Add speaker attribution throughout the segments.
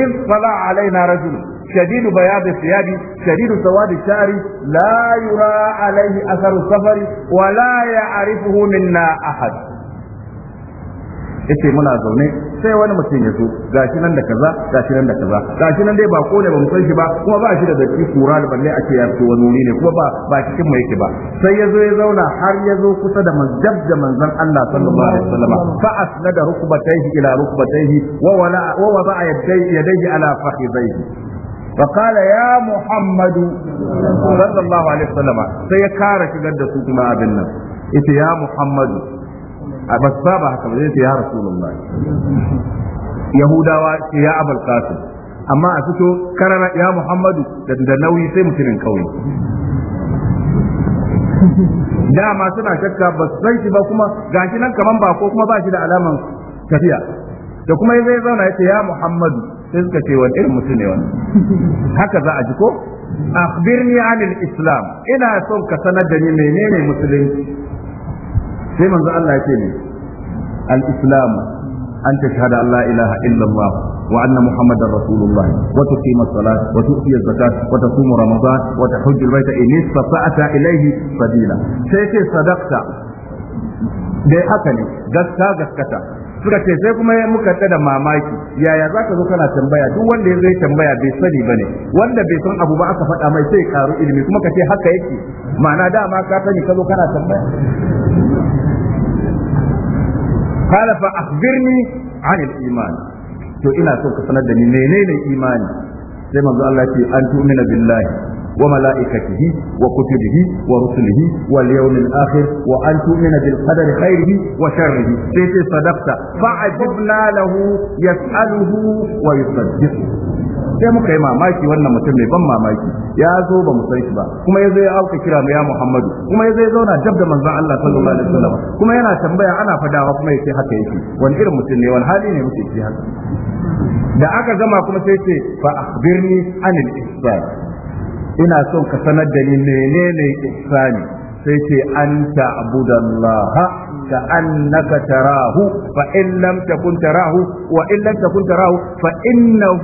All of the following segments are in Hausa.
Speaker 1: إذ طلع علينا رجل شديد بياض الثياب شديد سواد الشعر لا يرى عليه أثر السفر ولا يعرفه منا أحد yace muna zaune sai wani mutum ya zo gashi nan da kaza gashi nan da kaza gashi nan dai ba ko ne ba san shi ba kuma ba shi da datti kura da balle a ce ya fito wani wuri ne kuma ba ba cikin mu yake ba sai ya zo ya zauna har ya zo kusa da manzab da manzon Allah sallallahu alaihi wasallam fa asnada rukbatayhi ila rukbatayhi wa wala wa wada'a yadayhi ala fakhidayhi فقال يا محمد صلى الله عليه وسلم سيكارك قد سوق ما أبنا إيه يا محمد a ba saba haka ba zai ce ya rasulullah yahudawa ce ya abul qasim amma a fito karara ya muhammadu da nauyi sai mutumin kauye dama suna shakka ba san shi ba kuma shi nan kaman ba ko kuma ba shi da alaman tafiya da kuma zai zauna ya ce ya muhammadu sai suka ce wani irin mutum ne wani haka za a ji ko akhbirni anil islam ina son ka sanar da ni menene musulunci sai manzo Allah ya ce ne al-islam an tashhada Allah ilaha illallah وأن محمد رسول الله وتقيم الصلاة وتؤتي الزكاة وتصوم رمضان وتحج البيت إن استطعت إليه سبيلا سيتي صدقت dai haka ne gaska gaskata suka ce sai kuma ya muka da mamaki yaya za ka zo kana tambaya duk wanda ya zai tambaya bai sani bane wanda bai san abu ba aka faɗa mai sai karu ilimi kuma ka ce haka yake ma'ana dama ka sani ka zo kana tambaya qala fa akhbirni an al-iman to ina so ka sanar da ni menene imani sai manzo Allah ya ce an tu'mina billahi wa malaikatihi wa kutubihi wa musulihi, wa yawmil akhir wa an tu'mina bil qadari khairihi wa sharrihi sai sai sadaqta fa ajibna lahu yas'aluhu wa yusaddiquhu sai muka yi mamaki wannan mutum mai ban mamaki ya zo ba mu san shi ba kuma ya zo ya auka kira mu ya Muhammadu kuma ya zo ya zauna jab da manzon Allah sallallahu alaihi wasallam kuma yana tambaya ana fadawa kuma yake haka yake wani irin mutum ne wani hali ne muke ciki haka da aka gama kuma sai ce fa akhbirni anil ihsan ina son ka sanar da ni menene ihsani sai ce ta Abudallah. كأنك تراه فإن لم تكن تراه وإن لم تكن تراه فإنه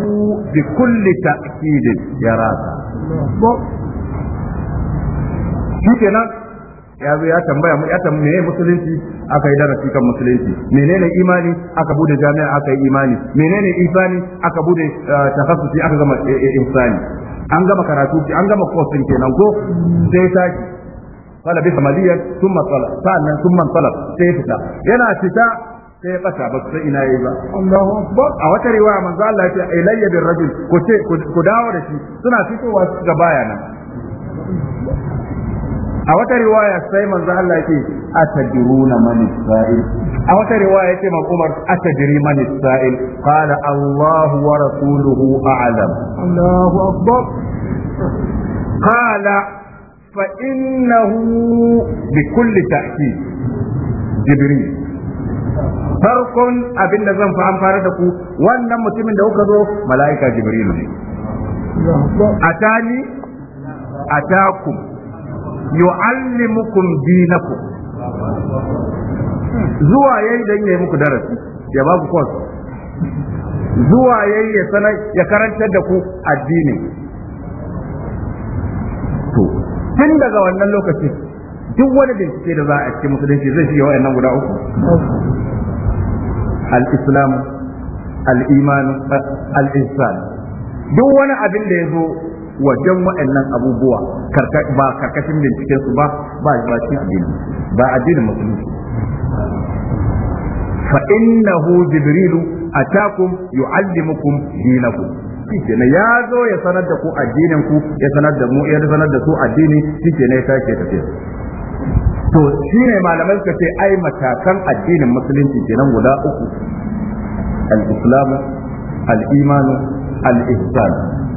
Speaker 1: بكل تأكيد يراك shikenan ya zo ya tambaya ya tambaye musulunci aka yi darasi kan musulunci menene imani aka bude jami'a aka yi imani menene ifani aka bude eh, takhassusi aka gama eh, eh, insani an gama karatu an gama course kenan ko sai taki قال بس مليا ثم طلب فعلا ثم انطلق سيفتا ينا فتا sai kasa ba su ina yi ba Allahu akbar a wata riwaya manzo Allah ya ce ilayya bir rajul ku ce ku dawo da shi suna fitowa su ga baya nan a wata riwaya sai manzo Allah yake atadruna man isra'il a wata riwaya yake ma Umar atadri man isra'il qala Allah wa rasuluhu a'lam Allahu akbar qala فإنه بكل تأكيد جبريل farkon abin da zan fara da ku wannan mutumin da kuka zo mala'ika jibril ne atani atakum yu'allimukum dinakum zuwa yayi dan muku darasi ya ba ku zuwa yayi ya sanar karantar da ku addini tun daga wannan lokacin duk wani bincike da za a cikin musulunci zai shiga wayannan guda uku al-islam al-iman al-ihsan duk wani abin da ya zo wajen wa'annan abubuwa ba karkashin bincike su ba ba ba shi addini ba addinin musulunci fa innahu jibrilu atakum yu'allimukum dinakum shikenan ya zo ya sanar da ku addinin ku ya sanar da mu ya sanar da su addini shikenan ya tashi ya tafi to shine malamai suka ce ai matakan addinin musulunci kenan guda uku al-islam al-iman al-ihsan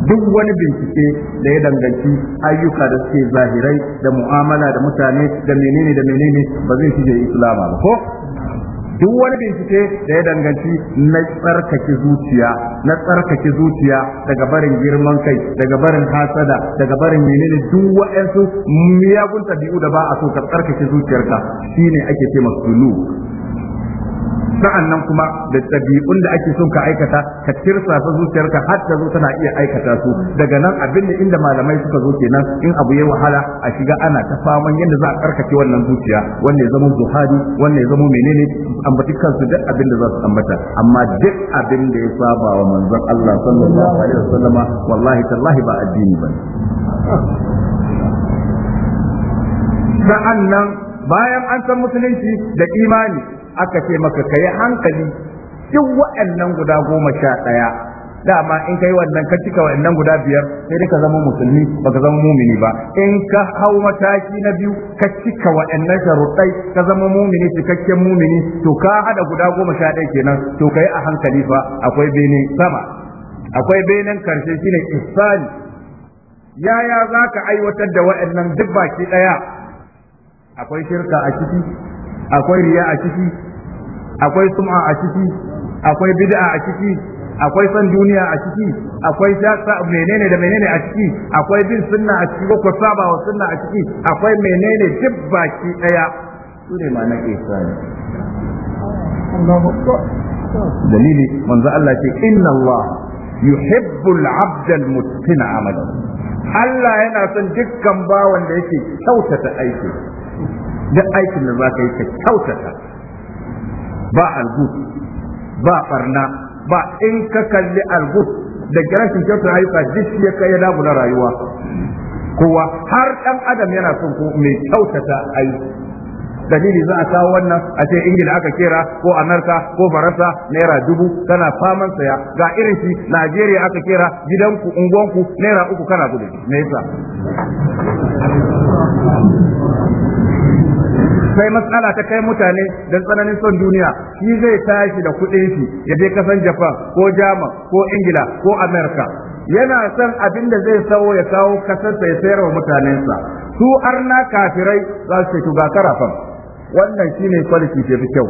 Speaker 1: duk wani bincike da ya danganci ayyuka da suke zahirai da mu'amala da mutane da menene da menene ba zai shige islama ba ko duk wani bincike da ya danganci na tsarkake zuciya na tsarkake zuciya daga barin girman kai daga barin hasada daga barin menene duk wa'ansu miyagun tabi'u da ba a so ka tsarkake zuciyarka shine ake ce masu sa'an nan kuma da ɗabi'un da ake son ka aikata ka tirsasa zuciyarka har ta zo tana iya aikata su daga nan abin da inda malamai suka zo kenan in abu ya wahala a shiga ana ta faman yadda za a karkace wannan zuciya wanda ya zama zuhari wanda ya zama menene ambaci kansu duk abin da za su ambata amma duk abin da ya saba wa manzon Allah sallallahu alaihi wasallama wallahi tallahi ba addini ba sa'an nan bayan an san musulunci da imani aka ce maka ka yi hankali duk wa'annan guda goma sha ɗaya dama in kai wannan ka cika wa'annan guda biyar sai dai ka zama musulmi ba ka zama mumini ba in ka hau mataki na biyu ka cika wa'annan sharuɗai ka zama mumini cikakken mumini to ka hada guda goma sha ɗaya kenan to kai a hankali fa akwai bene sama akwai benen karshe shine ihsani yaya za ka aiwatar da waannan duk baki ɗaya akwai shirka a ciki akwai riya a ciki akwai sum'a a ciki akwai bid'a a ciki akwai san duniya a ciki akwai sa menene da menene a ciki akwai bin sunna a ciki ko saba wa sunna a ciki akwai menene duk baki daya su ne ma na ihsani dalili manzo Allah ce inna Allah yuhibbul 'abda al-mutqina Allah yana son dukkan bawon da yake kyautata aiki duk aikin da ka yi ka kyautata ba algu ba barna ba in ka kalli algu da rashin kyautar ayyuka duk ya kai ya na rayuwa kowa har dan adam yana son ko mai kyautata aiki dalili za a kawo wannan a ce ingila aka kera ko amurka ko faransa naira dubu kana faman saya ga irin shi najeriya aka kera gidanku unguwanku naira uku kana gudu me yasa sai matsala ta kai mutane don tsananin son duniya shi zai tashi da kuɗin shi ya je kasan Japan ko Jama ko Ingila ko Amerika yana san abin da zai sawo ya kawo kasarsa ya sayar wa mutanensa su arna kafirai za su ce to ga wannan shine kwaliti ke fi kyau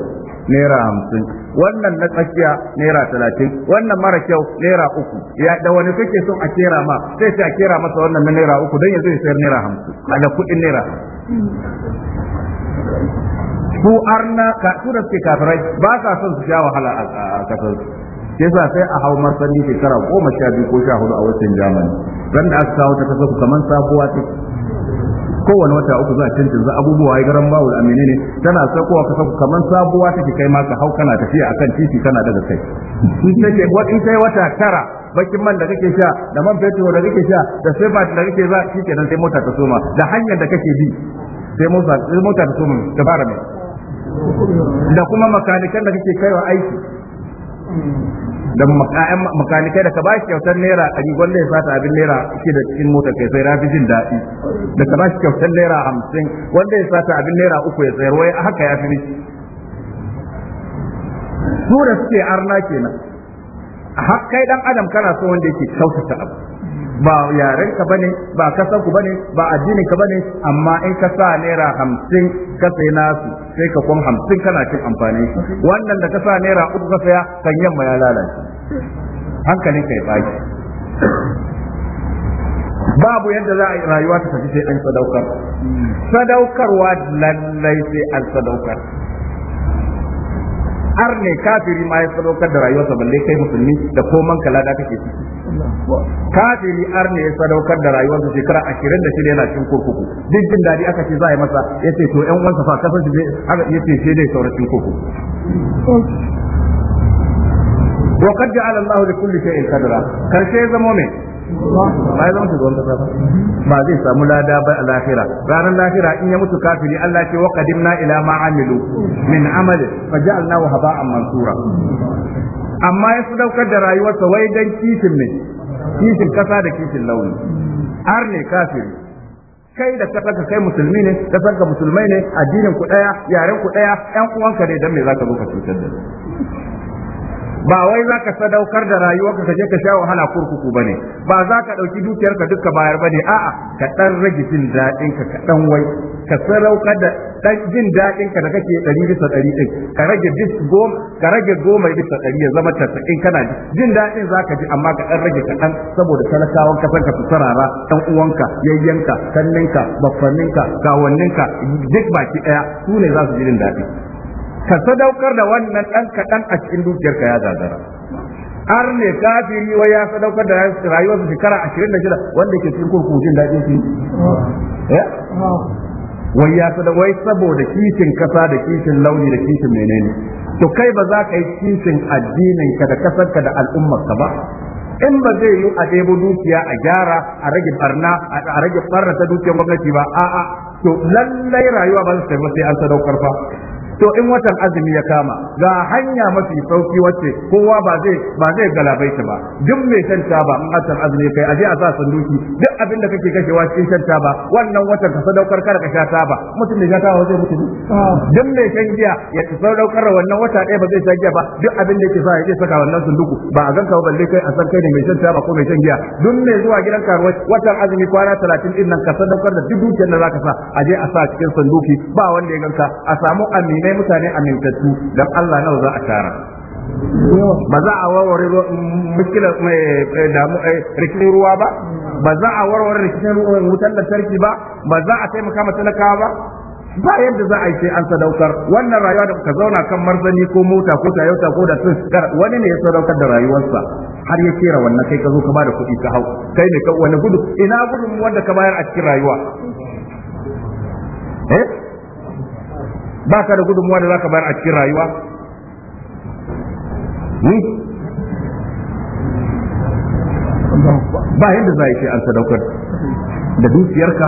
Speaker 1: naira hamsin wannan na tsakiya naira talatin wannan mara kyau naira uku ya da wani kake son a kera ma sai a kera masa wannan na naira uku don ya zai sayar naira hamsin kaga kuɗin naira su arna ka su da suke kafirai ba sa son su sha wahala a kasar sa sai a hau marsani shekara goma sha biyu ko sha hudu a wancan jamani ran da aka kawo ta kasa su kamar sabuwa ce kowane wata uku za a za abubuwa ya garan bawul amine ne, tana saukowa ka ku kamar sabuwa take kai ma ka hau kana tafiya akan titi kana daga kai in take in sai wata tara bakin man da kake sha da man fetur da kake sha da sebat da kake za shi kenan sai mota ta soma da hanyar da kake bi sai mota ta soma dabara mai da kuma makanikan da kake kaiwa aiki da makanikai da ka ba shi kyautar naira ɗari gwanda ya sata abin naira shi da cikin motar kai sai rafi jin daɗi da ka ba shi kyautar naira hamsin gwanda ya sata abin naira uku ya sayar wai haka ya fi miki su da suke arna kenan a kai dan adam kana so wanda yake kyautata abu ba yaren ka bane ba kasan ku bane ba addinin ka bane amma in ka sa naira hamsin ka sai nasu sai ka kuma hamsin kana cin amfani wannan da ka sa naira uku ka saya kan yamma ya lalace hankalin ka ya baki babu yadda za a yi rayuwa ta tafi sai an sadaukar sadaukarwa lallai sai an sadaukar har ne kafiri ma ya sadaukar da rayuwarsa balle kai musulmi da koman kalada kake ciki kafiri arne ya sadaukar da rayuwarsa shekara ashirin da shida yana cikin kurkuku duk jin daɗi aka ce za a yi masa ya ce to yan wansa fa kasar shi ya ce sai dai sauracin kurkuku وقد جعل الله لكل شيء قدرا كرشي زمو ne ba ya zama shugaban kasa ba zai samu lada ba a lafira. ranar lafira in ya mutu kafiri Allah ce wa na ila ma amilu min amali fa ja'alnahu haba'an mansura amma ya sadaukar da rayuwarsa wai dan kifin ne kishin kasa da kishin launi har ne kafiri kai da ka tsaka kai musulmi ne ka saka musulmai ne addinin ku daya yaren ku daya yan uwanka ne dan me zaka zo ka cutar da ba wai za ka sadaukar da rayuwarka ka je ka sha wahala kurkuku bane ba za ka ɗauki dukiyarka duka bayar bane a'a ka ɗan rage jin daɗinka. ka ɗan wai ka sadaukar da ɗan jin daɗinka da kake ɗari bisa ɗari ɗin ka rage bis goma ka rage goma bisa ɗari ya zama tasa'in kana jin daɗin za ka ji amma ka ɗan rage ka kaɗan saboda talakawan kasan ka su sarara ɗan uwanka yayyanka kanninka baffanninka kawanninka duk baki ɗaya su ne za su ji jin daɗi ka sadaukar da wannan ɗan kaɗan a cikin dukiyarka ya zazara. har ne kafiri wai ya sadaukar da rayuwarsa shekara ashirin da shida wanda ke cikin kurkuku jin daɗin shi eh? wai ya sada wai saboda kishin kasa da kishin launi da kishin menene to kai ba za ka yi kishin addinin ka da kasarka da al'ummar ka ba in ba zai yi a ɗebo dukiya a gyara a rage barna a rage barna ta dukiyar gwamnati ba a'a to lallai rayuwa ba za ta sai an sadaukar fa to in watan azumi ya kama ga hanya mafi sauki wacce kowa ba zai ba zai galabaita ba duk mai shan taba in watan azumi kai aje a sa sanduki duk abin da kake kashewa cikin shan taba wannan watan ka sadaukar kar ka sha taba mutum da ta wa zai mutu duk mai shan giya ya sadaukar wannan wata ɗaya ba zai sha giya ba duk abin da yake sa ya saka wannan sanduku, ba a ganka balle kai a san kai ne mai shan taba ko mai shan giya duk mai zuwa gidan karuwa watan azumi kwana 30 din nan ka sadaukar da duk dukiyar da zaka sa aje a sa cikin sanduki ba wanda ya ganka a samu aminai sai mutane amintattu dan Allah nawa za a tara ba za a warware muskilar damu eh, rikicin ruwa ba ba za a warware rikicin wutar lantarki ba ba za a taimaka mata talakawa ba ba yadda za a yi sai an sadaukar wannan rayuwa da ka zauna kan marzani ko mota ko tayota ko da tun wani ne ya sadaukar da rayuwarsa har ya kera wannan kai ka zo ka bada kuɗi ka hau kai ne ka wani gudu ina gudun wanda ka bayar a cikin rayuwa eh Ba ka da gudunmuwa da za ka bayar a cikin rayuwa ni ba yadda za a yi ce an sadaukar da dukiyarka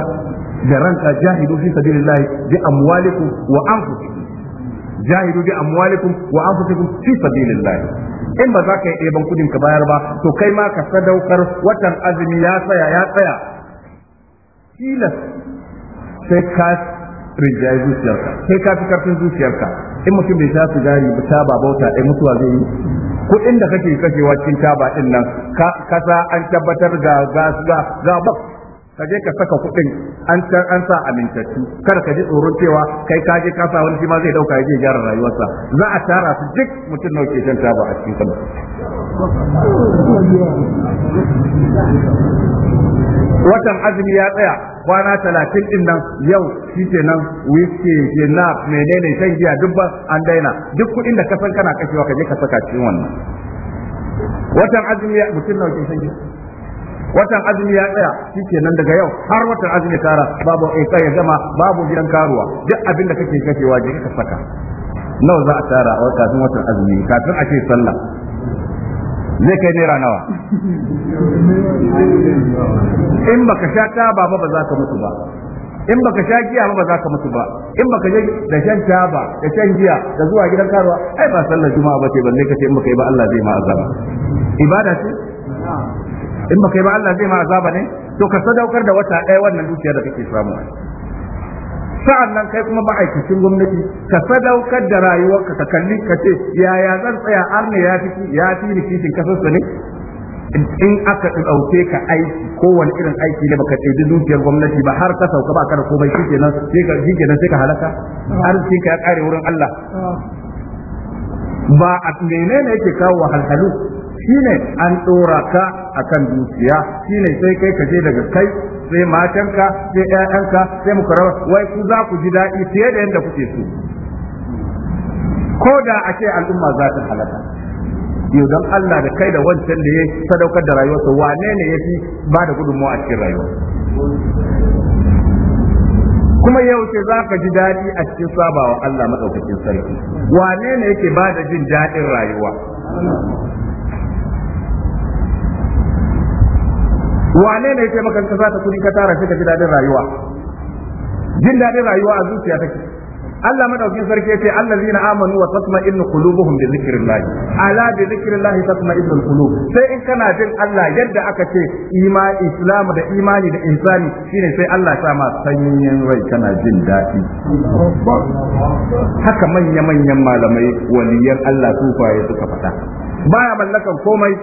Speaker 1: da ranka jahidu fi sabilillah bi amwalikum wa anfusikum jahidu bi amwalikum wa anfusikum fi sabilillah in ba za ka yi ɗeban kudin ka bayar ba to kai ma ka sadaukar watan azumi ya tsaya ya tsaya tilas sai ka rinjaye zuciyarka sai ka fi karfin zuciyarka in mutum bai sha sigari ba ta ba bauta ɗaya mutuwa zai yi kuɗin da kake kashewa cikin taba ɗin nan ka kasa an tabbatar ga ga ga ga ka je ka saka kuɗin an an sa amintattu kar ka ji tsoron cewa kai ka je ka sa wani shi ma zai dauka ya je gyara rayuwarsa za a tara su duk mutum nauke shan taba a cikin sama watan azumi ya tsaya kwana talatin din nan yau shi ke nan wiske ke na menene shan giya duk ba an daina duk kuɗin da ka san kana kashewa ka je ka saka cikin wannan watan azumi ya mutum nawa ke shan giya watan azumi ya tsaya nan daga yau har watan azumi tara babu ya gama babu gidan karuwa duk abin da kake kashewa waje ka saka nawa za a tara a kafin watan azumi kafin a ce sallah zai kai naira nawa in baka sha taba ba ba za ka mutu ba in baka sha giya ba ba za ka mutu ba in baka je da shan taba da shan giya da zuwa gidan karuwa ai ba sallar juma'a ba ce balle kace in baka yi ba Allah zai ma azaba ibada ce in ba kai ba Allah zai ma azaba ne to ka sadaukar da wata ɗaya wannan dukiyar da kake samu sa'an nan kai kuma ma'aikacin gwamnati ka sadaukar da rayuwarka ka kalli ka ce yaya zan tsaya arne ya fi ya fi ni kishin kasarsa ne in aka ɗauke ka aiki kowane irin aiki ne baka ɗebi dukiyar gwamnati ba har ka sauka ba kada komai shi kenan sai ka sai ka halaka sai ka ya ƙare wurin Allah ba a menene yake kawo wahalhalu shine an dora ka akan dukiya shine sai kai ka je daga kai sai matanka sai ƴaƴanka sai muka rawa wai ku za ku ji daɗi fiye da yadda kuke so ko da a ce al'umma za ta halaka yau don Allah da kai da wancan da ya sadaukar da rayuwarsa wane ne ya fi ba da gudunmawa a cikin rayuwa kuma yau ce za ka ji daɗi a cikin sabawa Allah maɗaukakin sarki wane ne yake ba da jin daɗin rayuwa wane ne yake maka ka sata kudi ka tara shi ka ji dadin rayuwa jin dadin rayuwa a zuciya take Allah madaukin sarki yace allazina amanu wa tatma'innu qulubuhum bi dhikrillah ala bi dhikrillah tatma'innu qulub sai in kana jin Allah yadda aka ce imani islam da imani da insani shine sai Allah ya ma sanyin rai kana jin dadi haka manya manyan malamai waliyan Allah sufaye suka faɗa baya mallakan komai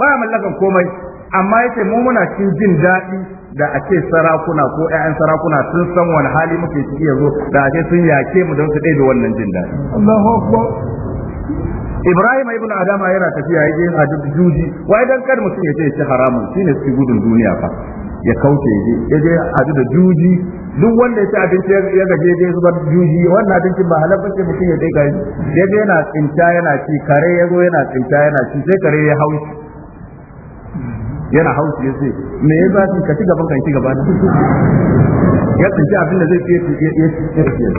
Speaker 1: baya mallakan komai amma yace mu muna cikin jin daɗi da a ce sarakuna ko ƴaƴan sarakuna sun san wani hali muke ciki yanzu da ake sun yake mu don su da wannan jin daɗi Allahu akbar Ibrahim ibn Adama yana tafiya yake yin hajji juji wai dan kar mutum ya ce shi haramun shine su gudun duniya fa ya kauce ya je hadu da juji duk wanda ya ci abinci ya ga je ya zubar juji wannan abincin ba halal bace mutum ya dai ga yaje yana tsinta yana ci kare ya yana tsinta yana ci sai kare ya haushi yana haushi ya ce me ya za ka ci gaban kan ci gaba na ya tsinci abin da zai fiye fiye fiye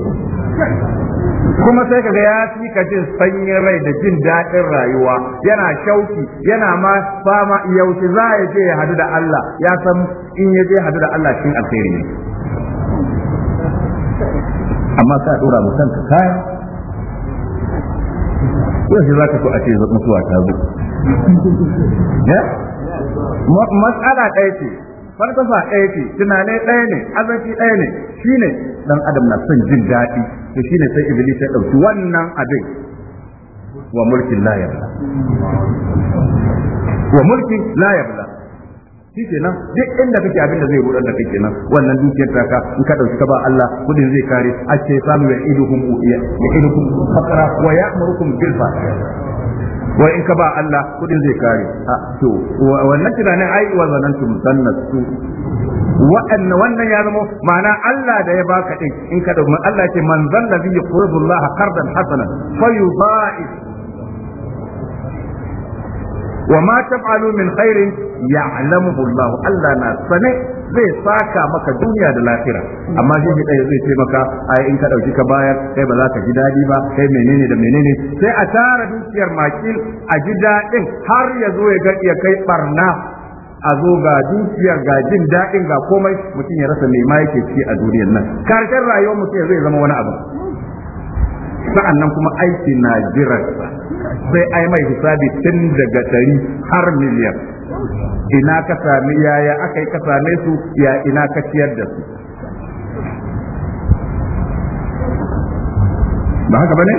Speaker 1: kuma sai kaga ya fi ka jin sanyin rai da jin daɗin rayuwa yana shauki yana ma fama yaushe za ya je ya hadu da Allah ya san in ya je hadu da Allah cikin alheri ne amma ka dora mu kanka kaya yaushe za ka so a ce mutuwa ta zo mas'ala ɗaya ce falsafa ɗaya ce tunane ɗaya ne azanci ɗaya ne shine dan adam na son jin daɗi to shine sai iblis ya ɗauki wannan abin wa mulki la yabla wa mulki la yabla shi kenan duk inda kake abin da zai rudar da kake nan wannan dukiyar taka in ka dauki ka ba Allah kudin zai kare a ce samu ya iduhum ya iduhum fakara wa ya'murukum bil fahsha wai in ka ba Allah kudin zai kare a to wannan tunanin ai wa zanantu musannatu wa'anna wannan ya zama ma'ana Allah da ya baka din in ka da Allah ce man zallabi yuqridu Allah qardan hasanan fa wa ma taf'alu min khairin ya'lamuhu Allah Allah na sane zai saka maka duniya da lafira amma shi ɗaya zai ce maka ai in ka ɗauki ka bayar kai ba za ka ji dadi ba kai menene da menene sai a tara dukiyar makil a ji daɗin har ya zo ya ga ya kai barna a zo ga dukiyar ga jin daɗin ga komai mutum ya rasa mai ma yake ci a duniyar nan karshen rayuwar mutum zai zama wani abu sa'annan kuma aiki na jiransa sai ai mai hisabi tun daga tari har miliyan ina ka sami yaya aka yi ka same su ya ina ka ciyar da su ba haka bane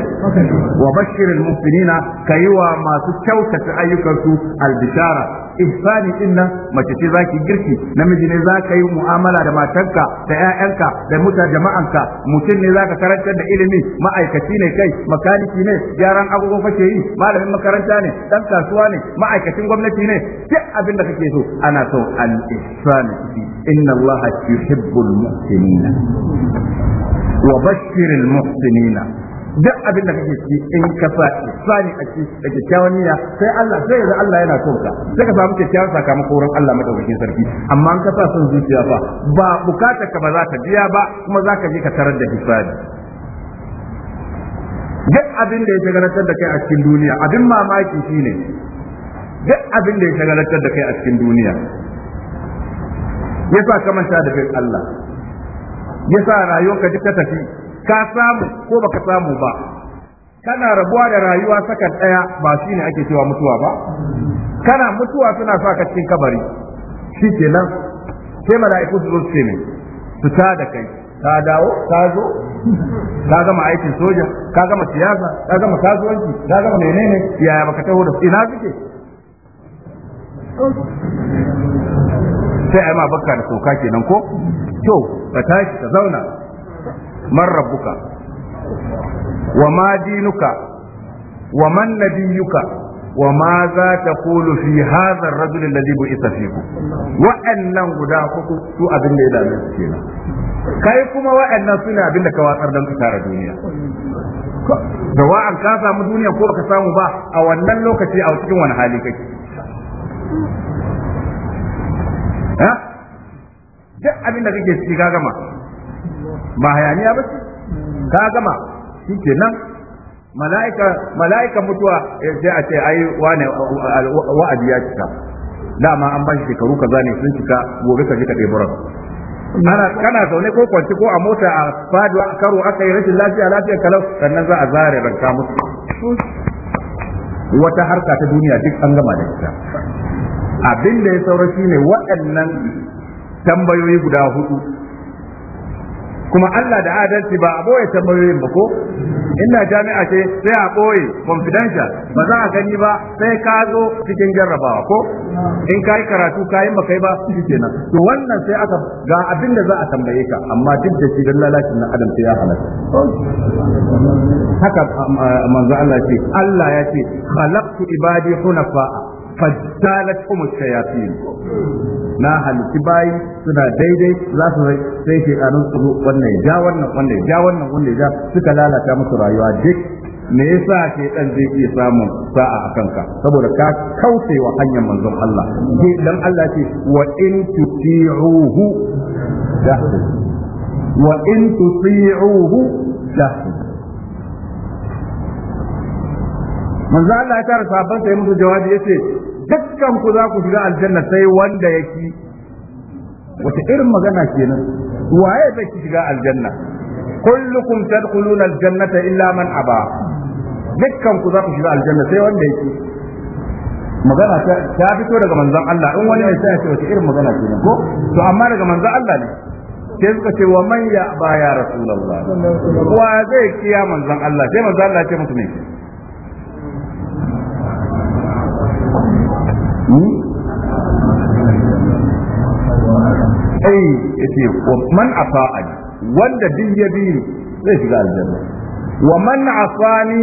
Speaker 1: wa bashirin muhsinina kayi wa masu kyautata ayyukansu albishara ihsani din mace ce zaki girki namiji ne zaka yi mu'amala da matanka, da ƴaƴanka da muta jama'anka mutum ne zaka karantar da ilimi ma'aikaci ne kai makaniki ne gyaran agogo kake yi malamin makaranta ne dan kasuwa ne ma'aikacin gwamnati ne duk abin da kake so ana so al ihsani inna allaha yuhibbul muhsinina wa bashshiril muhsinina duk abin da kake ci in ka sa sani a ci da kyakkyawan niyya sai Allah sai yanzu Allah yana son ka sai ka samu kyakkyawan sakamako wurin Allah madaukakin sarki amma in ka sa son zuciya fa ba bukatar ka ba za ta biya ba kuma za ka je ka tarar da hisabi duk abin da ya shagalatar da kai a cikin duniya abin mamaki shine duk abin da ya shagalatar da kai a cikin duniya yasa ka manta da bin Allah yasa rayuwarka duka ta tafi ka samu ko baka samu ba kana rabuwa da rayuwa sakan ɗaya ba shi ne ake cewa mutuwa ba kana mutuwa suna sa ka cikin kabari shi kenan sai mala'iku su zo su ce su ta da kai ka dawo ka zo ka gama aikin soja ka gama siyasa ka gama kasuwanci ka gama menene yaya baka taho da ina suke sai ai ma bakka da soka kenan ko to ka tashi ka zauna man rabbuka wa ma dinuka wa man nabiyuka wa ma za ta kulu fi hadha ar-rajul alladhi bu'itha fikum wa'annan guda hudu su abin da ya dame su kenan kai kuma wa'annan suna abin da ka watsar dan ka tara duniya da wa'an ka samu duniya ko baka samu ba a wannan lokaci a cikin wani hali kake duk abin da kake ciki ka gama ba hayaniya ba ce ka gama shi kenan mala'ika mala'ika mutuwa eh, sai a ce ai wane wa'adi ya cika dama an ba shi shekaru kaza ne sun cika gobe ka je ka kana zaune ko kwanci ko a mota a fadi a karo aka yi rashin lafiya lafiya kalau sannan za a zare ranka musu wata harka ta duniya duk an gama da ita abin da ya saura ne waɗannan tambayoyi guda hudu kuma Allah da adalci ba a boye tambayoyin ba ko inda jami'a ce sai a boye confidential ba za a gani ba sai ka zo cikin jarrabawa ko in ka yi karatu ka yi ba kai ba shi kenan to wannan sai aka ga abin da za a tambaye ka amma duk da shi dan lalacin na adam sai ya halaka haka um, um, manzo Allah ce Allah ya ce khalaqtu ibadi hunafa'a fajjalat umu shayatin na halitti bayi suna daidai za su sai shekarun su wannan ja wannan wannan ya ja wannan wannan ja suka lalata musu rayuwa duk me yasa ke dan zai iya samun sa'a a kanka saboda ka kaucewa hanyar manzon Allah ke dan Allah ce wa in tuti'uhu wa in tuti'uhu dahu manzo Allah ya tara sahabban sai musu jawabi yace dukkan ku za ku shiga aljanna sai wanda yake wata irin magana kenan waye zai ki shiga aljanna kullukum tadkhuluna aljannata illa man aba dukkan ku za ku shiga aljanna sai wanda yake magana ta fito daga manzon Allah in wani mai sai ya wata irin magana kenan ko to amma daga manzon Allah ne sai suka ce wa man ya ba ya rasulullah wa zai kiya manzon Allah sai manzon Allah ya ce musu ne Hmm? ai yace man afa'ani wanda duk ya bi zai shiga aljanna wa man asani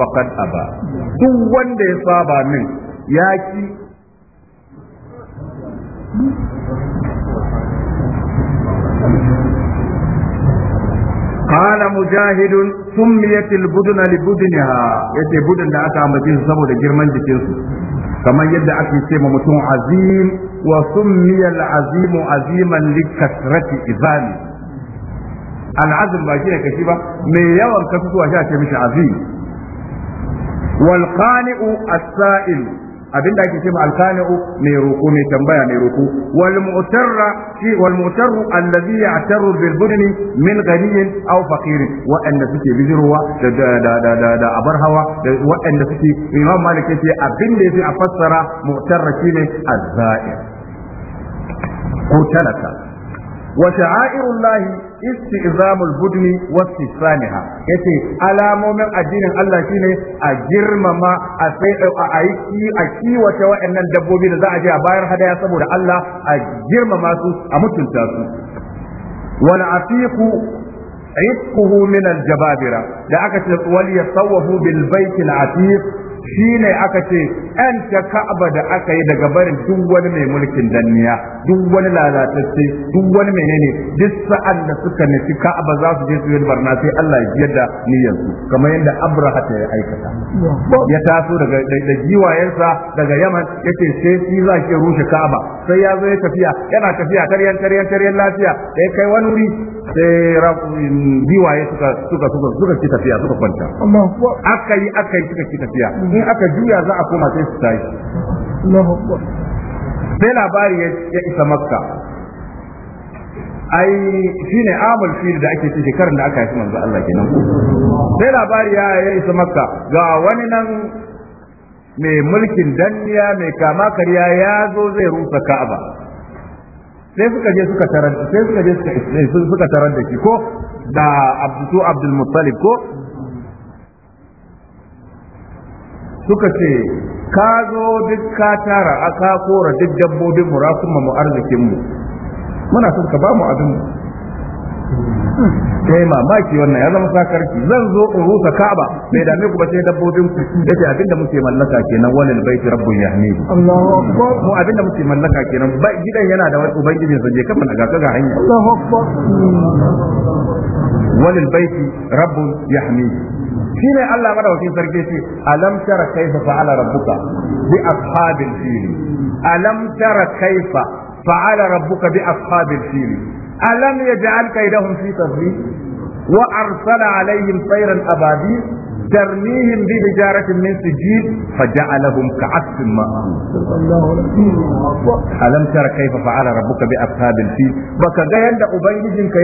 Speaker 1: faqad aba duk wanda ya saba min ya ki قال مجاهد سميت البدن لبدنها يتي بدن da aka ambace su saboda girman jikinsu كما يدعى كيسيم متو عظيم وسمي العظيم عظيما لكثرة إذاني العظم باكينا كشيبا من يوم كفتوا شاكي مش عظيم والقانئ السائل abinda ake cewa alqani'u mai roko mai tambaya mai roko wal mu'tarra shi wal mu'tarru alladhi ya'tarru bil budni min ghaniyin aw faqir wa'anda suke bijirwa da da da da da abar hawa da wa'anda suke imam malik yace abinda yafi a fassara mu'tarra shine az-za'ir ko talaka wa sha'airullah istizamul budni ya yace alamomin addinin Allah shine a girmama a sai a aiki a kiwata waɗannan dabbobi da za a je a bayar hadaya saboda Allah a girmama su a mutunta su wal afiqu عتقه من الجبابرة لأكت وليصوه بالبيت العتيق Shi ne aka ce ‘yan ta ka'aba da aka yi daga barin duk wani mai mulkin danniya duk wani lalatacce duk wani menene duk sa'an da suka nufi ka'aba za su je su yi barna sai Allah ya da niyyarsu kamar yadda Abraha ta ya aikata ya taso daga da giwayensa daga Yaman ce sai shi za ke rushe ka'aba sai ya zo ya tafiya yana tafiya taryan taryan taryan lafiya da ya kai wani wuri sai giwaye suka suka suka suka ci tafiya suka kwanta aka yi aka yi suka ci tafiya in aka juya za a koma sai su tashi sai labari ya isa makka ai shi ne amul fil da ake ce shekarar da aka haifi manzo Allah kenan sai labari ya isa makka ga wani nan mai mulkin danniya mai kama kariya ya zo zai rusa ka'aba sai suka je suka tarar sai suka je suka tarar da shi ko da abdu abdul muttalib ko suka ce ka zo duk ka tara a ka kora duk dabbobin mu mu arzikin mu muna son ka ba mu abin kai mamaki wannan ya zama sakarki zan zo in rusa kaba mai dame ku ba sai dabbobin ku yace abinda muke mallaka kenan walil baiti rabbun yahmidu Allahu akbar mu abinda muke mallaka kenan ba gidan yana da wani ubangiji sa je kafa daga ga hanya
Speaker 2: Allahu akbar
Speaker 1: walil baiti rabbun yahmidu shine Allah madaukakin sarki ce alam tara kaifa fa'ala rabbuka bi ashabil fil alam tara kaifa fa'ala rabbuka bi ashabil fil alam yaj'al kaydahum fi tadlil wa arsala alaihim tayran ababil ترميهم بحجارة من سجيل فجعلهم كعبس مأكول ألم ترى كيف فعل ربك بأصحاب الفيل بك غير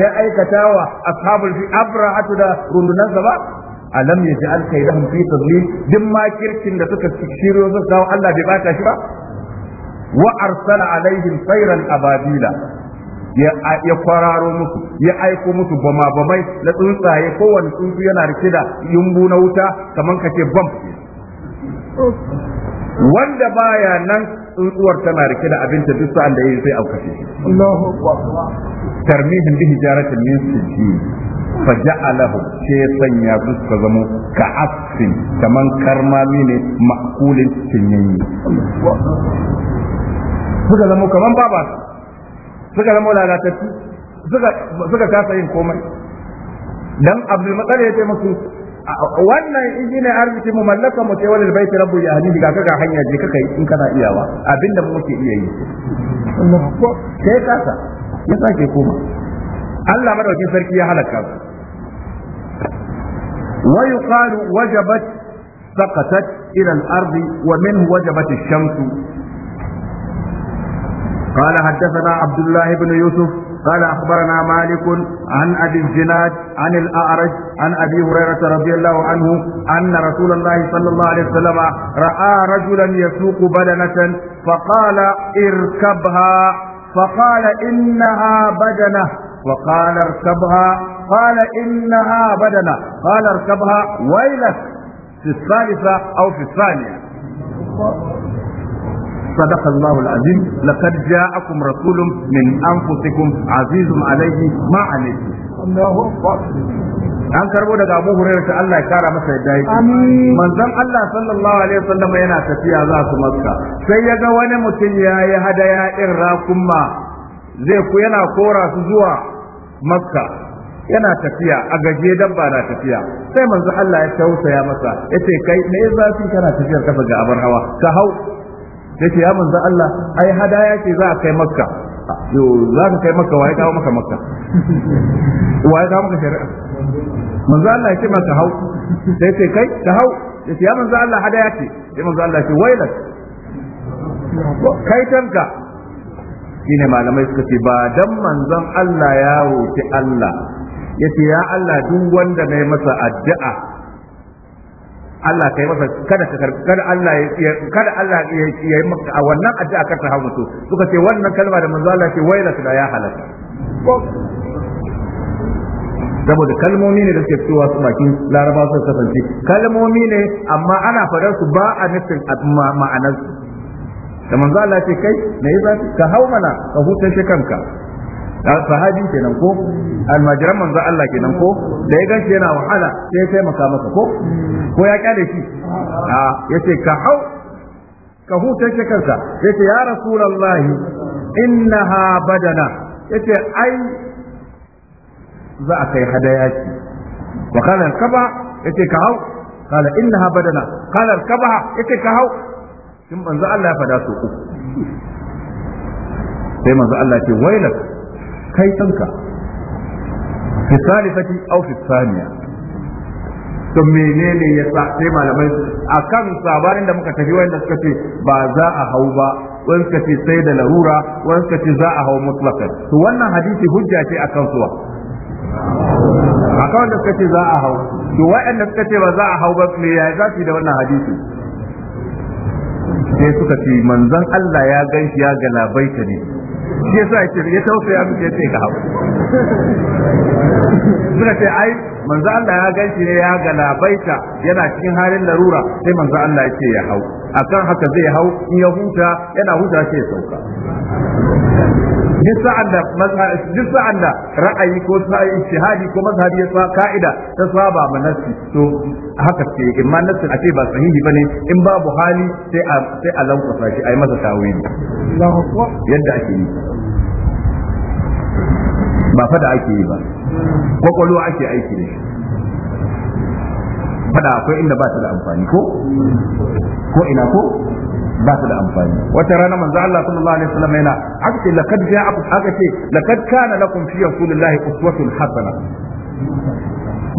Speaker 1: يا أي كتاوى أصحاب الفيل أبرعة رندنا زبا alam ya ji alkai lahum fi tadlil ma kirkin da suka shiro su kawo Allah bai bata shi ba wa arsala alaihim sayran ababila ya kwararo musu ya aiko musu bama bamai na tsuntsaye kowane tsuntsu yana rike da yumbu na wuta kamar kace bam wanda baya nan tsuntsuwar tana rike da abinta duk sa'an da yayi sai aukace Allahu akbar tarmihin bi hijaratin min sijjin faja'alahu sai ya sanya su suka zamo ka asfin kaman karmami ne makulin cinyanyi suka zama kaman baba suka zama lalatattu suka kasa yin komai dan abdul matsala ya ce musu wannan inji ne arziki mu mallaka mu ce walil baiti rabbu ya hannu, daga kaga hanya je kaka yi in kana iyawa abinda mu muke iya yi sai kasa ya sake koma Allah madaukin sarki ya halaka su wa yuqalu wajabat saqatat ila al-ardi wa minhu wajabat ash-shamsu قال حدثنا عبد الله بن يوسف قال أخبرنا مالك عن أبي الزناد عن الأعرج عن أبي هريرة رضي الله عنه أن رسول الله صلى الله عليه وسلم رأى رجلا يسوق بدنة فقال اركبها فقال إنها بدنة وقال اركبها قال إنها بدنة قال اركبها ويلك في الثالثة أو في الثانية صدق الله العظيم لقد جاءكم رسول من أنفسكم عزيز عليه ما عليكم الله أكبر an karbo daga Abu Hurairah ta Allah ya kara masa yadda yake manzon Allah sallallahu alaihi wasallam yana tafiya za su Makka sai ya ga wani mutum ya yi hadaya in rakumma zai ku yana kora su zuwa Makka yana tafiya a gaje dabba na tafiya sai manzo Allah ya tausaya masa yace kai me zafi kana tafiyar kafa ga abar hawa ka hau yake ya manzo Allah ai hadaya ce za a kai makka ah, yo za ka kai makka wai kawo maka makka wai kawo maka shari'a manzo Allah ya ce maka hau sai ce kai ka hau yake ya manzo Allah hadaya ce sai manzo Allah ya ce wailak kai tanka shine malamai suka ce ba dan manzon Allah ya roki Allah yace ya Allah duk wanda nayi masa addu'a Allah yi masa kada ka kada Allah ya kada Allah ya yi maka a wannan addu'a ka ta hawo suka ce wannan kalma da manzo Allah ce wailaka da ya halaka saboda kalmomi ne da suke fitowa su bakin laraba su kasance kalmomi ne amma ana faɗar su ba a nufin ma'anar su da manzo Allah ce kai me yasa ka hau mana ka hutar shi kanka sahabi kenan ko almajiran manzo Allah kenan ko da ya gashi yana wahala sai ya taimaka masa ko ko ya kyale shi a yace ka hau ka huta shi kanka yace ya rasulullahi innaha badana yace ai za a kai hadaya ki wa kana kaba yace ka hau قال Yace ka hau, اركبها اتكهو Allah ya الله فدا ku, sai manzo Allah ce wailaka kai ɗanka fi salifati au fi saniya to menene ya sa sai malamai akan sabarin da muka tafi wanda suka ce ba za a hau ba wani suka ce sai da larura wani suka ce za a hau mutlakan to wannan hadisi hujja ce akan suwa akan wanda suka ce za a hau to waɗanda suka ce ba za a hau ba me ya za su da wannan hadisi sai suka ce manzon Allah ya gan shi ya galabaita ne shi yasa ya tausaya ka hau suka ce ai manzo Allah ya ganshi ne ya galabaita yana cikin halin larura sai manzo Allah ce ya hau akan haka zai hau in ya huta yana huta sai ya sauka duk sa'an da ra'ayi ko sa'in shahadi ko mazhabi ya ka'ida ta saba ma nafsi to haka ce in ma a ce ba sahihi bane in babu hali sai a sai a lankwasa shi ai masa tawili yadda ake yi ba fada ake yi ba kwakwalwa ake aiki da shi fada akwai inda ba ta da amfani ko ko ina ko ba ta da amfani wata rana manzo Allah sallallahu alaihi wasallam yana akace ce laqad ja'aku aka ce laqad kana lakum fi rasulillahi uswatun hasana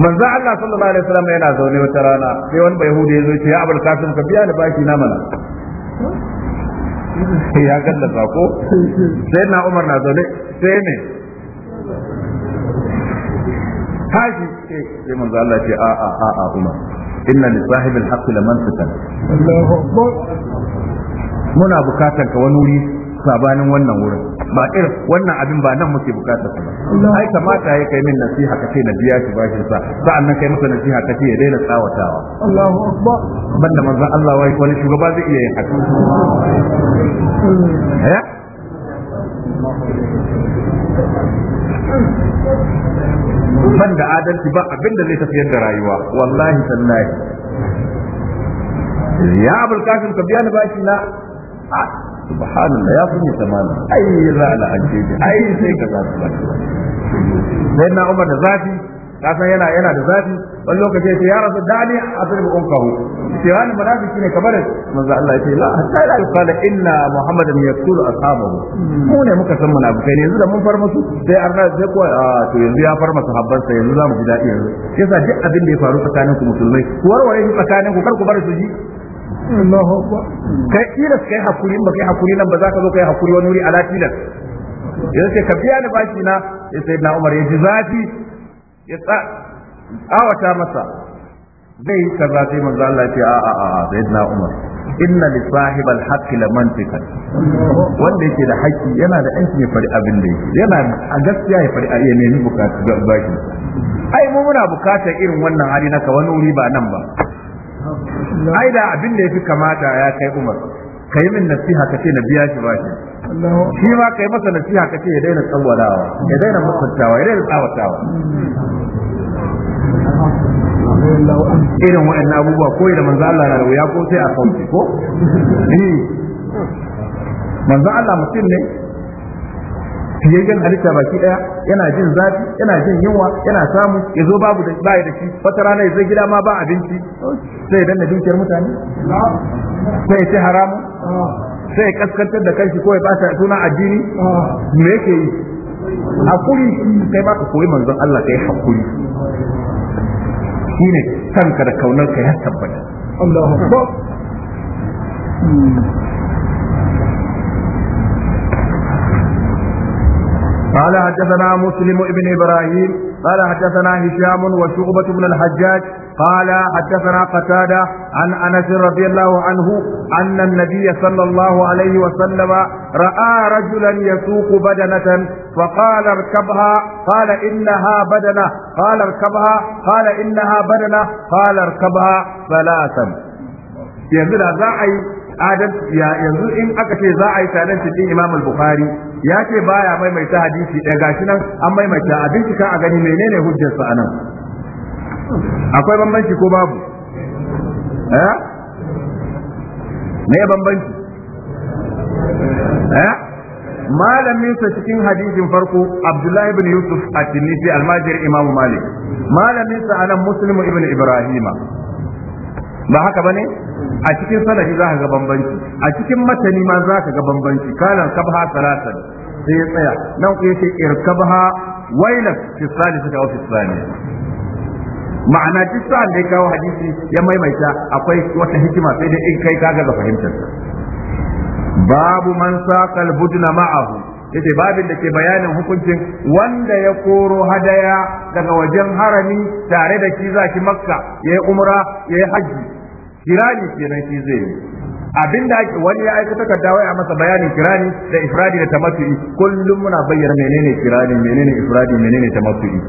Speaker 1: manzo Allah sallallahu alaihi wasallam yana zaune wata rana sai wani bai hude yazo ce ya abul kasim ka biya ni baki na mana ya gallaza ko sai na Umar na zaune sai ne tashi sai manzo Allah ce a a a a Umar inna li sahibil haqqi laman Allahu akbar muna bukatar ka wani wuri sabanin wannan wurin ba irin wannan abin ba nan muke bukatar ka ba ai kamata ya kai min nasiha ka ce na biya shi bashin sa sa'annan kai masa nasiha ka ce ya daina tsawatawa Allahu akbar banda manzo Allah wai wani shugaba zai iya yin haka ban da adalci ba abinda zai tafiyar da rayuwa wallahi tallahi ya abul kasim ka biya ni bashi na ah, subhanallah ya kunni tamam ai za ala ai sai ka za su sai na umar da zafi ka san yana yana da zafi wani lokaci ya ce ya rasu dani asribu unkahu ce wani shi ne kamar manzo Allah ya ce la hatta la yuqala inna muhammadan yaqtulu ashabahu mu ne muka san munafikai ne yanzu da mun far musu sai arna sai ko to yanzu ya far musu habban sai yanzu zamu ji dadi yanzu yasa duk abin da ya faru tsakanin ku musulmai ku warware shi tsakanin ku kar ku bar su ji Allahu akbar kai tilas kai hakuri ba kai hakuri nan ba za ka zo kai hakuri wani wuri ala tilas yanzu sai ka biya ni bashi na sai na Umar ya ji zafi ya tsawata masa zai yi kaza sai manzo Allah ce a a a sayyidina Umar inna li sahibal al haqq la mantiqan wanda yake da haƙƙi yana da aiki ne fari abin da yake yana a gaskiya ya fari iya nemi bukatu ga baki ai mu muna bukatar irin wannan hali naka wani wuri ba nan ba ai da abin da yafi kamata ya kai Umar ka yi min nasiha ka ce na biya shi bashi shi ma ka yi masa nasiha ka ce ya daina tsawalawa ya daina mutuntawa ya daina tsawatawa irin waɗannan abubuwa ko da manzo Allah na da wuya ko sai a sauki ko eh. manzo Allah mutum ne fiyayyen halitta baki daya yana jin zafi yana jin yunwa yana samu ya zo babu da baya da shi wata rana ya zai gida ma ba abinci sai dan da dukiyar mutane sai ta haramu sai kaskantar da kanshi ko ya bata suna addini me yake yi hakuri kai ba ka koyi manzon Allah kai hakuri shine kanka da kaunar ka ya tabbata Allahu akbar hmm. قال حدثنا مسلم بن إبراهيم قال حدثنا هشام وشعبة بن الحجاج قال حدثنا قتادة عن أنس رضي الله عنه أن النبي صلى الله عليه وسلم رأى رجلا يسوق بدنة فقال اركبها قال إنها بدنة قال اركبها قال إنها بدنة قال اركبها ثلاثا yanzu da za a yi adalci yanzu in aka ce za a yi adalci din Imam Bukhari ya ce baya maimaita hadisi ɗaya gashi nan an maimaita a bincika a gani menene hujjarsa a nan akwai bambanci ko babu eh me bambanci eh malaminsa cikin hadisin farko abdullahi ibn yusuf at-tinisi almajir imamu malik malaminsa anan muslimu ibn ibrahima ba haka bane a cikin sanadi za ka ga bambanci a cikin matani ma za ka ga bambanci kalan kabha salatan sai ya tsaya nan ku yace irkabha wailak fi salisati ta fi thaniya ma'ana duk sa'an da ya kawo hadisi ya maimaita akwai wata hikima sai dai in kai kaga ga fahimtar babu man saqal budna ma'ahu yace babin da ke bayanin hukuncin wanda ya koro hadaya daga wajen harami tare da shi zaki makka yayi umra yayi haji kirani kenan shi zai yi abinda ake wani ya aika takarda wai a masa bayanin kirani da ifradi da tamattu'i kullum muna bayyana menene kirani menene ifradi menene tamattu'i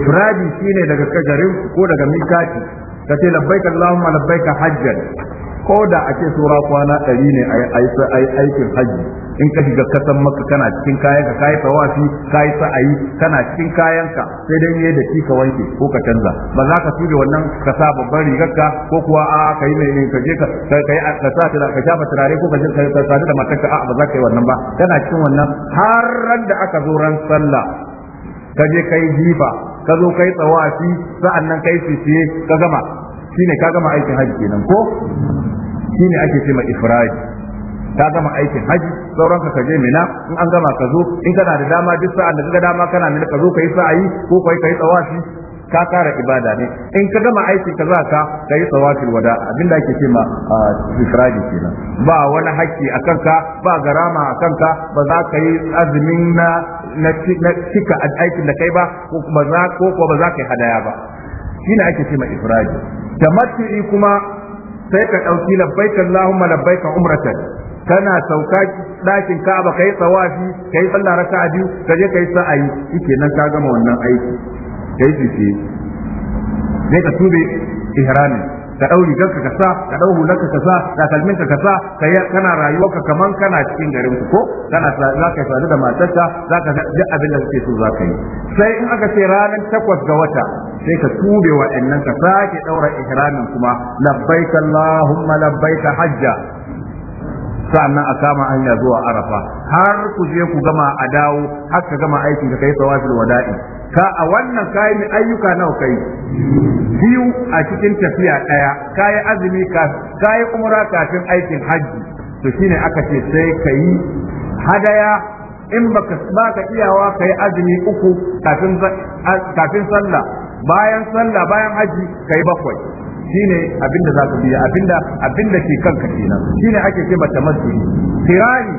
Speaker 1: ifradi shine daga kajarin ko daga mikati kace labbaik allahumma labbaik hajjan ko da a ce sura kwana ɗari ne a yi aikin hajji in ka shiga kasan maka kana cikin kayanka ka yi tawafi ka yi sa'ayi kana cikin kayanka sai dai ne da shi ka wanke ko ka canza ba za ka tuje wannan ka sa babban ka ko kuwa a ka yi mai ka je ka yi ka sa shafa turare ko ka je ka sadu da matarka a ba za ka yi wannan ba kana cikin wannan har ran da aka zo ran sallah ka je ka yi jifa ka zo kai tsawafi sa'annan kai fice ka gama shine ka gama aikin haji kenan ko shine ake cewa ifradi ka gama aikin haji sauran ka je mina in an gama ka zo in kana da dama duk sa'a da kaga dama kana mina ka zo kai sa'ayi ko kai kai tsawafi ka kara ibada ne in ka gama aikin ka za ka kai tsawafin wada abin da ake ce ma ifradi kenan ba wani hakki akan ka, ba garama akan ka, ba za ka yi azumin na na cika aikin da kai ba ko kuwa za ko ba za ka yi hadaya ba shine ake ce mai ifradi tamattu'i kuma sai ka dauki labbaika allahumma labbaika umratan kana sauka dakin ka'aba kai tsawafi kai sallah raka'a biyu ka je kai sa'ayi shikenan ka gama wannan aiki kai fice sai ka tube ihramin ka ɗau rigarka ka sa ka ɗau hularka ka sa takalminka ka sa kana rayuwarka kaman kana cikin garin ku ko kana za ka sadu da matarka za ka ji abin da suke so za ka yi sai in aka ce ranar takwas ga wata sai ka tube wa'annan ka sake ɗaura ihramin kuma labbaika allahumma labbaika hajja sa'annan a kama hanya zuwa arafa har ku je ku gama a dawo har ka gama aiki da kai tsawafin wada'i ka a wannan kayan ayyuka nawa kai biyu a cikin tafiya daya kayi azumi ka kayi umra kafin aikin hajji to shine aka ce sai kayi hadaya in baka baka iyawa kayi azumi uku kafin sallah bayan sallah bayan ka kai bakwai shine abinda za ka biya abinda abinda ke kanka kenan shine ake ce mata masjidi kirani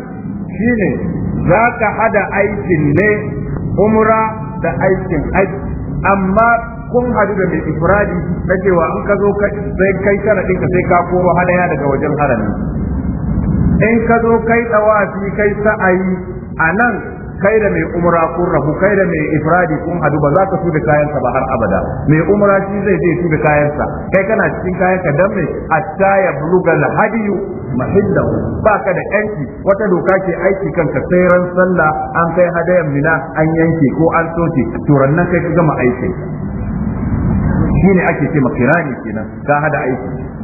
Speaker 1: shine za ka hada aikin ne umra da aikin aiki amma kun hadu da mai ifradi na cewa in ka zo sai kai din ka sai ka koro hadaya daga wajen harami in ka zo kai tsawafi kai sa'ayi a nan kai da mai umra kun rabu kai da mai ifradi kun hadu ba za ka su da kayansa ba har abada mai umra shi zai je su da kayansa kai kana cikin kayan ka dan mai atta ya buluga hadiyu mahillahu ba ka da yanki wata doka ke aiki ka sai ran sallah an kai hadayan mina an yanke ko an soke turan nan kai ka gama aiki shine ake ce makirani kenan ka hada aiki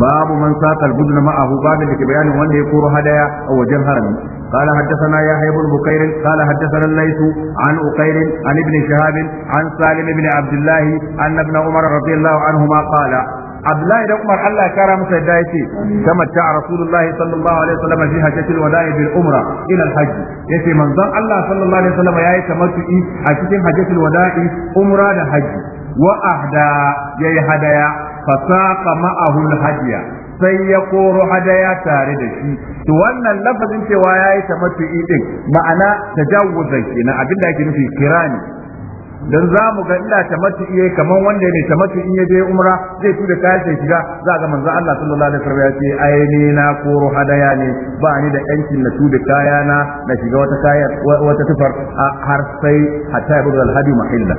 Speaker 1: babu man saqal budna ma'ahu babu da ke bayanin wanda ya koro hadaya a wajen harami قال حدثنا يحيى بن بكير قال حدثنا الليث عن أقير عن ابن شهاب عن سالم بن عبد الله أن ابن عمر رضي الله عنهما قال Abdullahi da Umar Allah ya kara masa yadda yace kama ta Rasulullah sallallahu alaihi wasallam fi hajjatil wada'i bil umra ila al hajj yace manzon Allah sallallahu alaihi wasallam yayi tamattu'i a cikin hajjatil wada'i umra da hajji wa hadaya fasaqa ma'ahu hadiya sai ya koro hadaya tare da shi to wannan lafazin cewa yayi tamattu'i din ma'ana tajawuzan kenan abinda ake nufi kirani dan za mu ga ina tamattu iya kaman wanda ne tamattu in ya je umra zai tuda kayan sai shiga za ga manzo Allah sallallahu alaihi wasallam ya ce ai na koro hadaya ne ba ni da yankin na tuda kaya na na shiga wata kaya wata tufar har sai hatta yabul hadi mahilla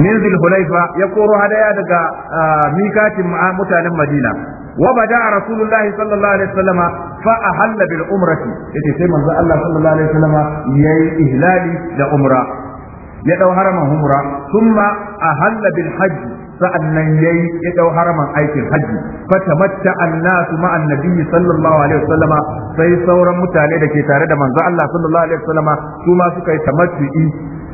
Speaker 1: nizil hulaifa ya koro hadaya daga ah, mikatin mutanen madina وبدا رسول الله fa الله عليه umrati فأهل بالعمرة يتي سي منزو الله صلى الله عليه وسلم يي إهلالي لعمرة يدو هرم عمرة ثم أهل بالحج sa'annan yayi ya dau haraman aikin Fa fatamatta annasu ma annabi sallallahu alaihi wasallama sai sauran mutane da ke tare da manzo Allah sallallahu alaihi wasallama su ma suka yi tamattu'i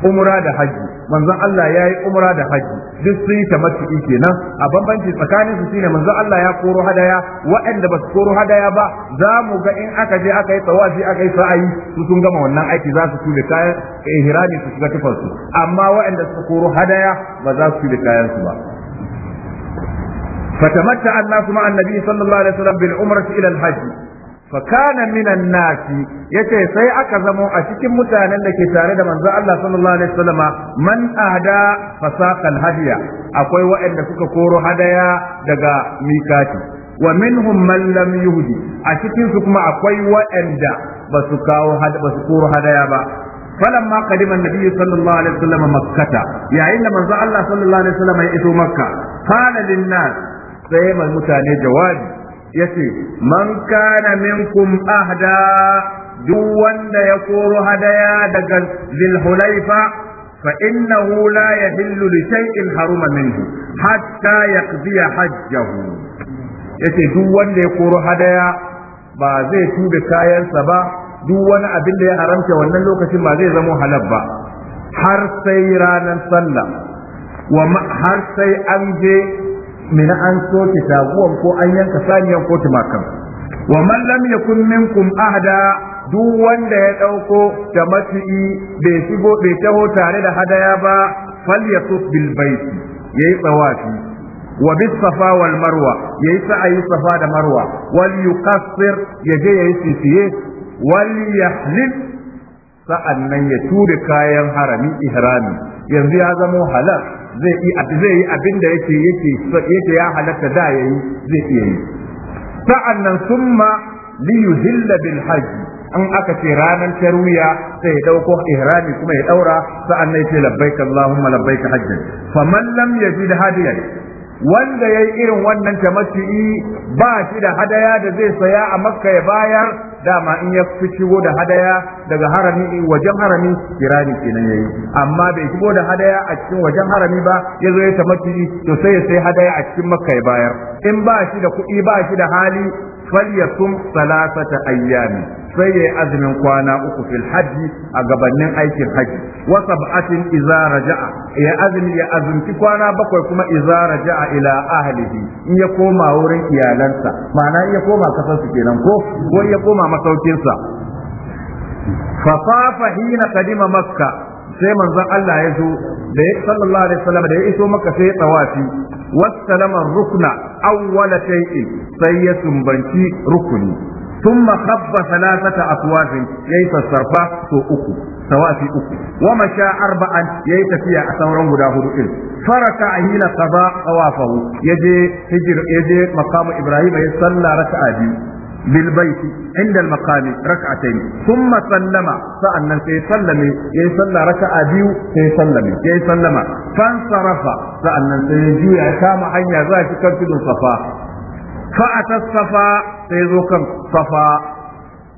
Speaker 1: umra da hajji. manzon Allah ya yi umra da haji duk sun yi tamattu'i kenan a bambanci tsakanin su shine manzon Allah ya koro hadaya waɗanda ba su koro hadaya ba za mu ga in aka je aka yi tawafi aka yi sa'ayi su sun gama wannan aiki za su tule kayan ihrami su shiga tufarsu amma waɗanda suka koro hadaya ba za su kayansu kayan su ba فتمتع الناس مع النبي صلى الله عليه وسلم بالعمرة إلى الحج fakana minan nasi ya ce sai aka zamo a cikin mutanen da ke tare da manzo Allah sallallahu alaihi wasallama man ahda fasaqal hadiya akwai waɗanda suka koro hadaya daga mikati wa minhum man lam yuhdi a cikin su kuma akwai waɗanda ba su kawo ba su koro hadaya ba فلما قدم النبي صلى الله عليه وسلم مكة يا إنما الله صلى الله عليه وسلم يأتوا مكة قال للناس سيما المتاني جوادي yace man kana minkum ahda duk wanda ya koro hadaya daga zilhulaifa fa innahu la yahillu li shay'in haruma minhu hatta yaqdiya hajjahu yace duk wanda ya koro hadaya ba zai tuda kayansa ba duk wani abin da ya haramta wannan lokacin ba zai zama halal ba har sai ranar sallah wa har sai an je mina an soke taguwan ko an yanka saniyan kotu tumakan wa man lam yakun minkum duk wanda ya ɗauko da mati'i bai shigo bai taho tare da hadaya ba falyatuf bil baiti yayi tsawafi wa bis safa wal marwa yayi sa'ayi safa da marwa wal yuqassir ya yayi sisiye wal yahlil sa'annan ya ture kayan harami ihrami yanzu ya zamo halal zai yi abin da yake yake ya halatta da yayi zai iya yi sa'annan summa li yuhilla bil hajji an aka ce ranar tarwiya sai ya dauko ihrami kuma ya daura sa'an nan ya ce labbaik allahumma labbaik hajjan faman lam yajid hadiyan wanda ya yi irin wannan tamati'i ba shi da hadaya da zai saya a makka ya bayar dama in ya fi shigo da hadaya daga harami wajen harami kirani kenan yayi amma bai shigo da hadaya a cikin wajen harami ba ya zo ya tamattu'i to sai ya sai hadaya a cikin makka ya bayar in ba shi da kuɗi ba shi da hali falyasum salasata ayyami sai yayi azumin kwana uku fil hajji a gabanin aikin hajji wa sab'atin idza raja'a ya azumi ya azumci kwana bakwai kuma idza raja'a ila ahlihi in ya koma wurin iyalansa ma'ana ya koma su kenan ko ko ya koma masaukinsa fa safa hina qadima makka sai manzon Allah ya zo da ya sallallahu alaihi wasallam da ya iso maka sai tawafi wassalama rukna awwala shay'in sai ya sumbanci rukuni thumma khabba thalathata aswaf yayi sassarfa so uku tawafi uku Wama sha arba'an ya yi tafiya a sauran guda hudu din faraka ahila qada tawafahu yaje ya je maqamu ibrahim ya salla raka'a biyu بالبيت عند المقام ركعتين ثم سلم فأن سيسلم يسلى ركعة بيو سيسلم يسلم فانصرف فأن سيجوع كام حين ذاك كنت الصفا فأتى الصفا سيذوق الصفا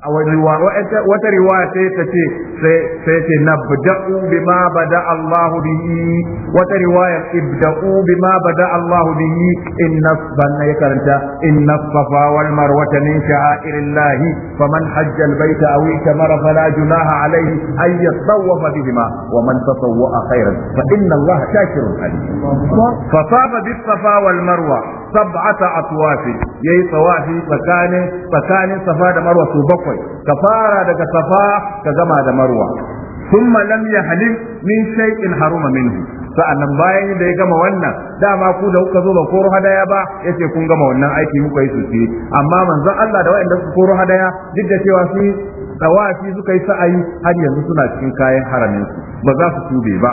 Speaker 1: a wata riwaya sai ta ce sai ce nabda'u bima bada Allahu bihi wata riwaya ibda'u bima bada Allahu bihi inna banna ya karanta inna safa wal marwata min sha'airillah faman hajja al baita aw itamara fala junaha alayhi ay yatawafa bihima wa man tatawwa khairan fa inna Allah shakirun alim fa saba bis safa wal marwa sab'ata atwafi yayi tsawafi tsakanin tsakanin safa da marwa su bakwai ka fara daga safa ka gama da marwa ثم لم يحلم من haruma حرم منه sa'annan bayan da ya gama wannan dama ku da kuka zo ba koro hadaya ba yace kun gama wannan aiki muka yi sosai amma manzon Allah da waɗanda su koro hadaya duk da cewa su tsawafi suka yi sa'ayi har yanzu suna cikin kayan haramin su ba za su tube ba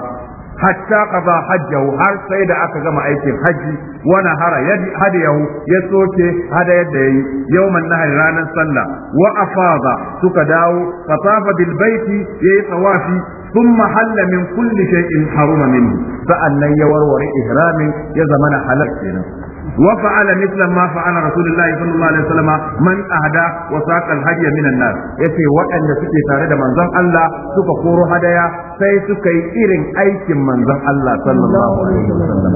Speaker 1: hatta qada hajjahu har sai da aka gama aikin haji wa nahara hadiyahu ya soke hada yadda yayi yawman nahar ranar sallah wa afada suka dawo fatafa bil baiti yayi tawafi ثم حل من كل شيء حرم منه فأن يورور إهرام يزمن حلقتنا وفعل مثل ما فعل رسول الله صلى الله عليه وسلم من أهدى وساق الهدي من الناس يتي وأن سكي تارد منظم الله سكا كورو هدايا سي سكي إرن أيك منظم الله صلى الله عليه وسلم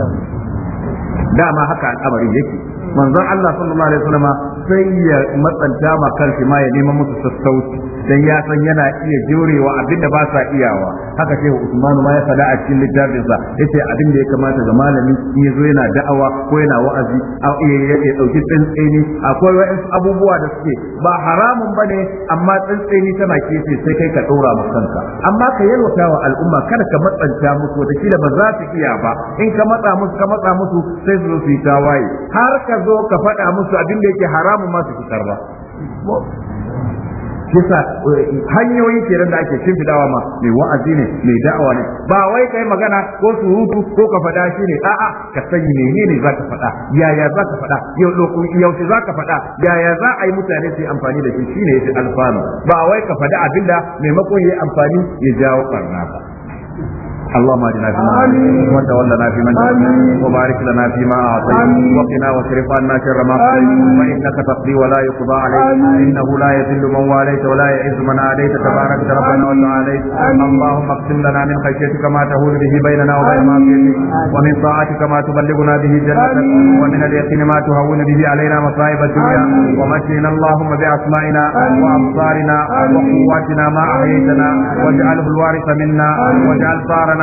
Speaker 1: دعما حكى عن أمر يكي منظم الله صلى الله عليه وسلم sai ya matsanta ma kanshi ma ya neman musu sassauci dan ya san yana iya jurewa abinda ba sa iyawa haka sai usmanu ma ya fada a cikin littafin sa yace abin da ya kamata ga malami ya zo yana da'awa ko yana wa'azi a ya dauki tsantseni akwai wa'ansu abubuwa da suke ba haramun bane amma tsantseni tana kefe sai kai ka dora ma kanka amma ka yalwata wa al'umma kada ka matsanta musu wata kila ba za su iya ba in ka matsa musu ka matsa musu sai su zo su yi tawaye har ka zo ka faɗa musu abin da yake haramun ma su fitar ba kisa eh, hanyoyi ke da ake shimfidawa ma mai wa'azi ne mai da'awa ne ba wai kai magana ko surutu ko ka faɗa shi ne a'a ka sani menene za ka faɗa yaya za ka faɗa yaushe za ka faɗa yaya za a yi mutane su yi amfani da shi shine fi alfanu ba wai ka abin abinda maimakon ya yi amfani ya jawo ɓarna ba اللهم اجعلنا في من وتولنا في من وبارك لنا فيما اعطيت وقنا واصرف عنا شر ما فانك تقضي ولا يقضى عليك انه لا يذل من واليت ولا يعز من عاديت تبارك ربنا وتعالى اللهم اقسم لنا من خشيتك ما تهون به بيننا وبين معصيتك ومن طاعتك ما تبلغنا به جنتك ومن اليقين ما تهون به علينا مصائب الدنيا ومشينا اللهم باسمائنا وابصارنا وقواتنا ما احييتنا واجعله الوارث منا واجعل ثارنا